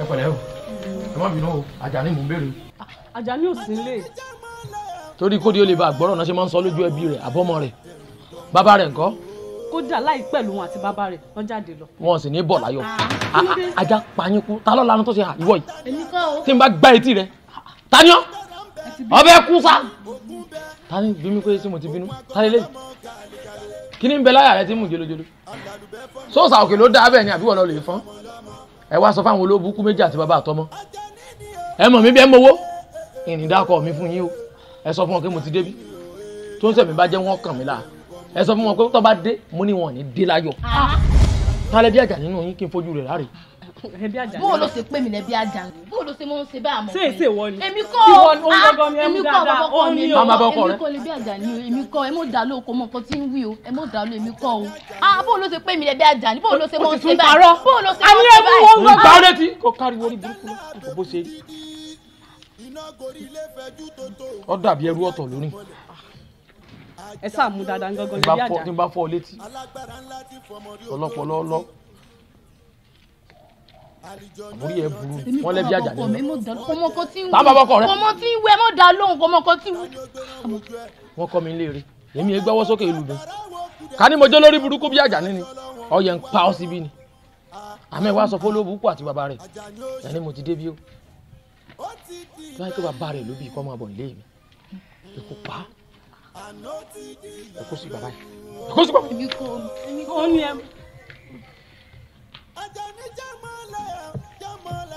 ẹ pẹ̀lẹ́ o ẹ má bínú o Àjàní mò ń béèrè. Àjàní ò sí nílé. torí kóde ó lè ba àgbọ̀rọ̀ náà ṣe máa ń sọ lójú ẹbí rẹ̀ àbọ́mọ rẹ̀ bàbá rẹ̀ ńkọ́. kódà láìpẹ́ lòun àti bàbá rẹ̀ lọ jáde lọ. wọn sì ní bọ̀ láyọ̀ ah. Ah, ajá pààyàn kú ta ló lanu tó ṣe hà ìwọ yìí. èmi kọ́ o. tí n bá gbá etí rẹ tani ọ ọbẹ kú sa tani bínú pé tí mo ti bínú tani lé kí ni ń bẹ láyà rẹ tí mò jolojolo sóòsà òkè ló dá abẹ ni àbí wọn lọ lè fọn ẹ wá sọ fáwọn olóbùkún méjì àti bàbá àtọmọ ẹ mọ̀ mí bí ẹ mowó ìrìndàkọ mi fún yín o ẹ sọ fún wọn pé mo ti débí tó ń sẹ̀mí bá jẹ́ wọ́n kàn mí láà ẹ sọ fún wọn pé tó bá dé mo ní wọn ò ní dé láyọ̀ ah. tálẹ́ bí àjà nínú yín kí n fojú rẹ̀ láre bó ló ṣe pè mí lẹ́bi àjànù bó ló ṣe mọ́ ń ṣe bá àmọ́ pé èmi kọ́ ah, èmi kọ́ bàbọ́kọ́ mi èmi kọ́ lẹ́bi àjànù èmi kọ́ ẹ mọ̀ dà ló kọ́ mọ̀ kọ́ tí ń wí o ẹ mọ̀ dà ló èmi kọ́ o ah bó ló ṣe pè mí lẹ́bi àjànù bó ló ṣe mọ́ ń ṣe bá bó ṣe mọ́ ń ṣe bá ó dàbí ẹrú ọ̀tọ̀ lórí ẹ sáà mú dáadáa gángan lórí àjà ọlọpọlọ ọlọ àmúrí ẹ burú wọn lẹbi àjà ni tábà bọkọ rẹ. ọmọ tí ń wẹ mọ da lóhùn ọmọ kan tí ń wú. wọn kọ mi léèrè èmi ẹ gbọ́wọ́ sókè ìlú dùn ká ní lórí burúkú bí àjà nínú ọyẹ ń pa ọ síbí ni àmọ́ ẹ sọ fọlọ́ọ̀bù kù àti bàbá rẹ̀ ẹni mo ti débi o láì tó bàbá rẹ̀ ló bí ikọ́ máa bọ̀ nílé mi ikú pa á sí bàbá yìí ẹkú sí bàbá yìí.